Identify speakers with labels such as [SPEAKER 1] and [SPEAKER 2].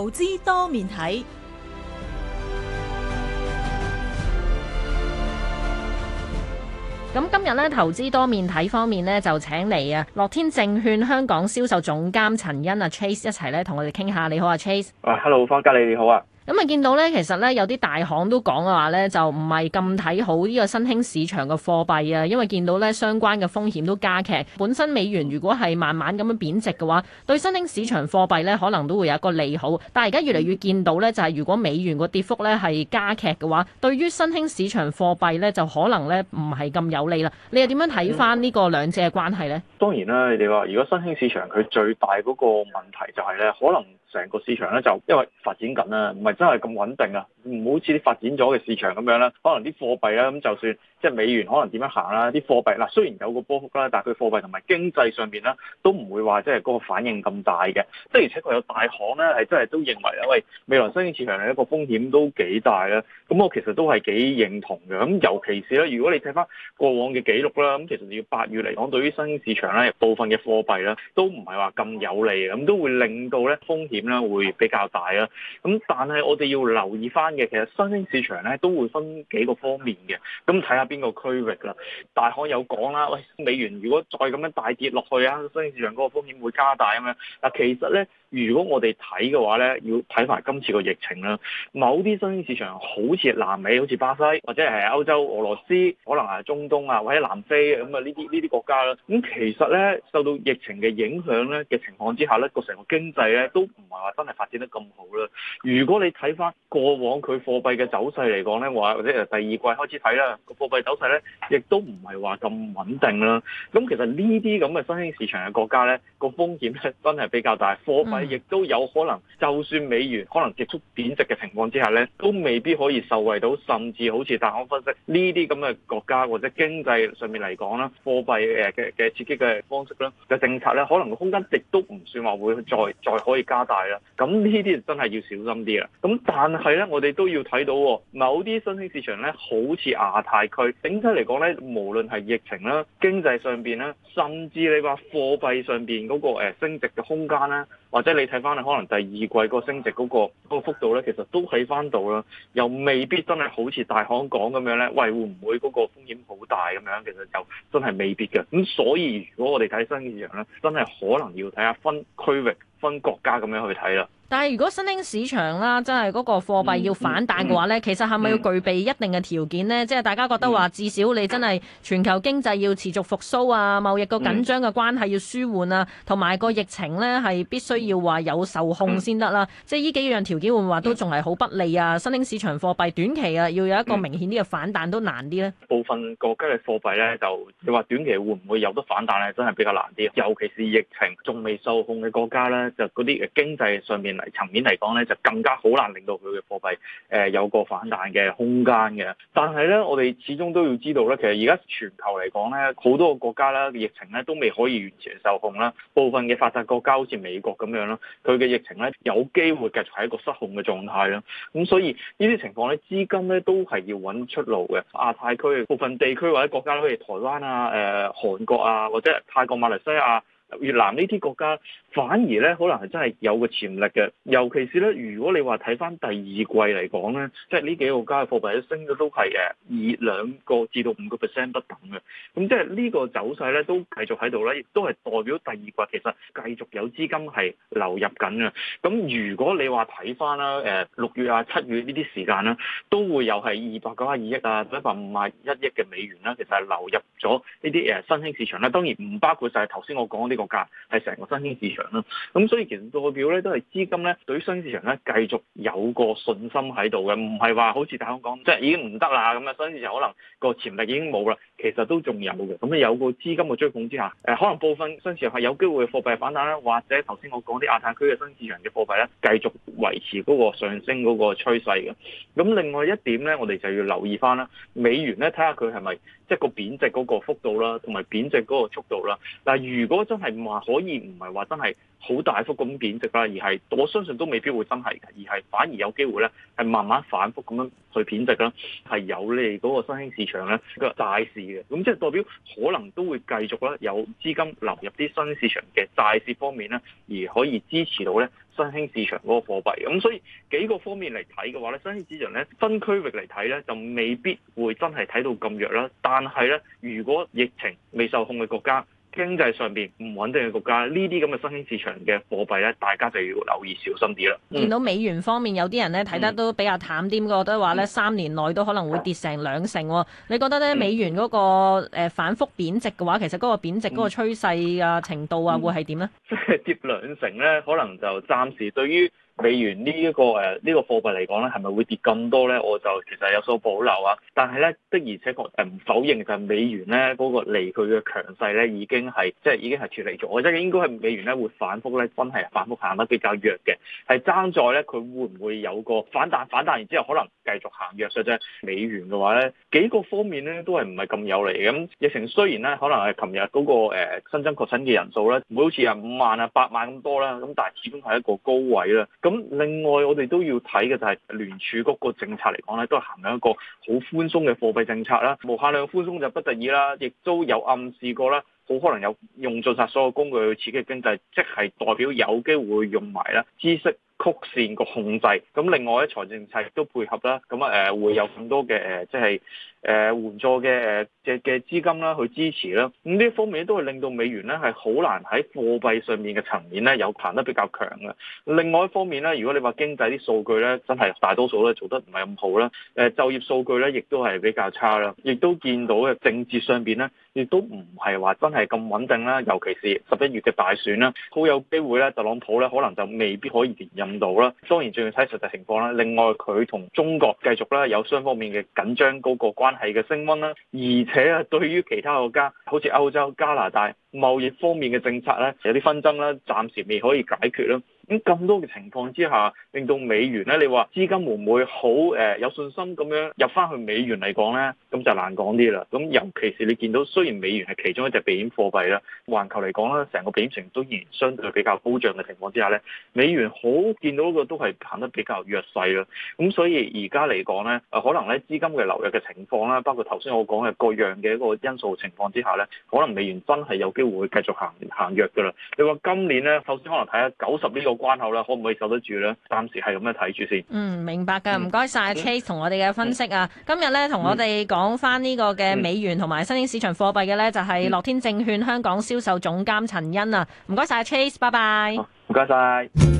[SPEAKER 1] 投資多面睇，咁今日咧投資多面睇方面咧就請嚟啊，樂天證券香港銷售總監陳欣啊，Chase 一齊咧同我哋傾下。你好啊，Chase。
[SPEAKER 2] Hello，方家，你好啊。
[SPEAKER 1] 咁啊，見到咧，其實咧有啲大行都講嘅話咧，就唔係咁睇好呢個新興市場嘅貨幣啊，因為見到咧相關嘅風險都加劇。本身美元如果係慢慢咁樣貶值嘅話，對新興市場貨幣咧可能都會有一個利好。但係而家越嚟越見到咧，就係如果美元個跌幅咧係加劇嘅話，對於新興市場貨幣咧就可能咧唔係咁有利啦。你又點樣睇返呢個兩者嘅關係咧？
[SPEAKER 2] 當然啦，你哋話如果新興市場佢最大嗰個問題就係咧，可能成個市場咧就因為發展緊啦，唔係真係咁穩定啊，唔好似啲發展咗嘅市場咁樣啦。可能啲貨幣啦咁就算即係美元可能點樣行啦，啲貨幣啦雖然有個波幅啦，但佢貨幣同埋經濟上面呢，都唔會話即係嗰個反應咁大嘅。即係而且佢有大行咧係真係都認為啊，喂，未來新興市場一個風險都幾大啦。咁我其實都係幾認同嘅。咁尤其是咧，如果你睇翻過往嘅記錄啦，咁其實你要八月嚟講，對於新興市場。部分嘅貨幣咧都唔係話咁有利，咁都會令到咧風險咧會比較大啦。咁但係我哋要留意翻嘅，其實新興市場咧都會分幾個方面嘅，咁睇下邊個區域啦。大行有講啦，喂、哎、美元如果再咁樣大跌落去啊，新興市場嗰個風險會加大咁樣。嗱其實咧，如果我哋睇嘅話咧，要睇埋今次個疫情啦，某啲新興市場好似南美，好似巴西或者係歐洲、俄羅斯，可能係中東啊或者是南非咁啊呢啲呢啲國家啦，咁其實咧受到疫情嘅影響咧嘅情況之下咧，個成個經濟咧都唔係話真係發展得咁好啦。如果你睇翻過往佢貨幣嘅走勢嚟講咧，話或者由第二季開始睇啦，個貨幣走勢咧亦都唔係話咁穩定啦。咁其實呢啲咁嘅新興市場嘅國家咧，個風險咧真係比較大，貨幣亦都有可能就算美元可能急速貶值嘅情況之下咧，都未必可以受惠到，甚至好似大安分析呢啲咁嘅國家或者經濟上面嚟講啦，貨幣誒嘅嘅刺激嘅。嘅方式啦，嘅政策咧，可能個空間亦都唔算話會再再可以加大啦。咁呢啲真係要小心啲啦。咁但係咧，我哋都要睇到，哦、某啲新興市場咧，好似亞太區，整體嚟講咧，無論係疫情啦、經濟上邊咧，甚至你話貨幣上邊嗰個誒升值嘅空間啦，或者你睇翻可能第二季個升值嗰個嗰個幅度咧，其實都喺翻度啦。又未必真係好似大行講咁樣咧，喂，會唔會嗰個風險好大咁樣？其實就真係未必嘅。咁所以。如果我哋睇新興市場呢，真係可能要睇下分區域、分國家噉樣去睇嘞。
[SPEAKER 1] 但係如果新興市場啦，真係嗰個貨幣要反彈嘅話咧，嗯嗯、其實係咪要具備一定嘅條件呢？嗯、即係大家覺得話，至少你真係全球經濟要持續復甦啊，貿易個緊張嘅關係要舒緩啊，同埋個疫情咧係必須要話有受控先得啦。即係呢幾樣條件會唔會話都仲係好不利啊？新興市場貨幣短期啊，要有一個明顯啲嘅反彈都難啲呢？
[SPEAKER 2] 部分國家嘅貨幣咧就你話短期會唔會有得反彈咧？真係比較難啲，尤其是疫情仲未受控嘅國家咧，就嗰啲經濟上面。層面嚟講咧，就更加好難令到佢嘅貨幣誒有個反彈嘅空間嘅。但係咧，我哋始終都要知道咧，其實而家全球嚟講咧，好多個國家呢，疫情咧都未可以完全受控啦。部分嘅發達國家好似美國咁樣啦，佢嘅疫情咧有機會繼續喺一個失控嘅狀態啦。咁所以呢啲情況咧，資金咧都係要揾出路嘅。亞太區部分地區或者國家，例如台灣啊、誒、呃、韓國啊，或者泰國、馬來西亞、越南呢啲國家反而咧，可能係真係有個潛力嘅，尤其是咧，如果你話睇翻第二季嚟講咧，即係呢幾個國家嘅貨幣升咗都係誒二兩個至到五個 percent 不等嘅，咁即係呢個走勢咧都繼續喺度咧，亦都係代表第二季其實繼續有資金係流入緊嘅。咁如果你話睇翻啦誒六月啊七月間呢啲時間啦，都會有係二百九十二億啊一百五十一億嘅美元啦，其實係流入咗呢啲新興市場啦，當然唔包括曬係頭先我講啲國家係成個新興市場啦，咁所以其實代表咧都係資金咧對於新市場咧繼續有個信心喺度嘅，唔係話好似大家講即係已經唔得啦咁啊，新市場可能個潛力已經冇啦，其實都仲有嘅，咁有個資金嘅追捧之下，誒、呃、可能部分新市場係有機會貨幣反彈啦，或者頭先我講啲亞太區嘅新市場嘅貨幣咧繼續維持嗰個上升嗰個趨勢嘅。咁另外一點咧，我哋就要留意返啦，美元咧睇下佢係咪即係個貶值嗰個幅度啦，同埋貶值嗰個速度啦。嗱，如果真係係話可以唔係話真係好大幅咁貶值啦，而係我相信都未必會真係嘅，而係反而有機會咧係慢慢反覆咁樣去貶值啦，係有利嗰個新興市場咧個債市嘅。咁即係代表可能都會繼續啦，有資金流入啲新市場嘅債市方面咧，而可以支持到咧新興市場嗰個貨幣。咁所以幾個方面嚟睇嘅話咧，新興市場咧分區域嚟睇咧就未必會真係睇到咁弱啦。但係咧，如果疫情未受控嘅國家，經濟上邊唔穩定嘅國家，呢啲咁嘅新興市場嘅貨幣咧，大家就要留意小心啲啦。嗯、見到
[SPEAKER 1] 美元方面有啲人咧睇得都比較淡啲，覺得話咧三年內都可能會跌成兩成。嗯、你覺得咧美元嗰、嗰個、呃、反覆貶值嘅話，其實嗰個貶值嗰個趨勢啊程度啊會係點咧？
[SPEAKER 2] 即係、嗯嗯就是、跌兩成咧，可能就暫時對於。美元呢、這、一個誒呢、呃這個貨幣嚟講咧，係咪會跌咁多咧？我就其實有所保留啊。但係咧的而且確唔否認就係美元咧嗰、那個離佢嘅強勢咧已經係即係已經係脱離咗，即係應該係美元咧會反覆咧真係反覆行得比較弱嘅，係爭在咧佢會唔會有個反彈？反彈然之後可能繼續行弱嘅啫。所以美元嘅話咧幾個方面咧都係唔係咁有利嘅。咁疫情雖然咧可能係琴日嗰個、呃、新增確診嘅人數咧唔會好似啊五萬啊八萬咁多啦，咁但係始終係一個高位啦。咁另外，我哋都要睇嘅就係聯儲局個政策嚟講咧，都係行緊一個好寬鬆嘅貨幣政策啦。無限量寬鬆就不得已啦，亦都有暗示過啦，好可能有用盡晒所有工具去刺激經濟，即係代表有機會用埋啦知識曲線個控制，咁另外咧，財政策亦都配合啦，咁啊誒會有更多嘅即係誒援助嘅誒嘅嘅資金啦去支持啦，咁呢一方面都係令到美元咧係好難喺貨幣上面嘅層面咧有彈得比較強嘅。另外一方面咧，如果你話經濟啲數據咧真係大多數咧做得唔係咁好啦，誒就業數據咧亦都係比較差啦，亦都見到嘅政治上邊咧亦都唔係話真係咁穩定啦，尤其是十一月嘅大選啦，好有機會咧特朗普咧可能就未必可以連任。到啦，當然仲要睇實際情況啦。另外，佢同中國繼續啦有雙方面嘅緊張嗰個關係嘅升溫啦，而且啊，對於其他國家，好似歐洲、加拿大貿易方面嘅政策咧，有啲紛爭啦，暫時未可以解決啦。咁咁多嘅情況之下，令到美元咧，你話資金會唔會好誒有信心咁樣入翻去美元嚟講咧？咁就難講啲啦。咁尤其是你見到雖然美元係其中一隻避險貨幣啦，環球嚟講呢，成個避險情緒都仍然相對比較高漲嘅情況之下咧，美元好見到個都係行得比較弱勢啦。咁所以而家嚟講咧，誒可能咧資金嘅流入嘅情況啦，包括頭先我講嘅各樣嘅一個因素情況之下咧，可能美元真係有機會繼續行行弱㗎啦。你話今年咧，首先可能睇下九十呢個。關口啦，可唔可以守得住咧？暫時係咁樣睇住
[SPEAKER 1] 先。嗯，明白嘅，唔該晒，Chase 同我哋嘅分析啊。嗯嗯、今日咧同我哋講翻呢個嘅美元同埋新興市場貨幣嘅咧，就係、是、樂天證券香港銷售總監陳欣啊。唔該晒，Chase，拜拜。
[SPEAKER 2] 唔該晒。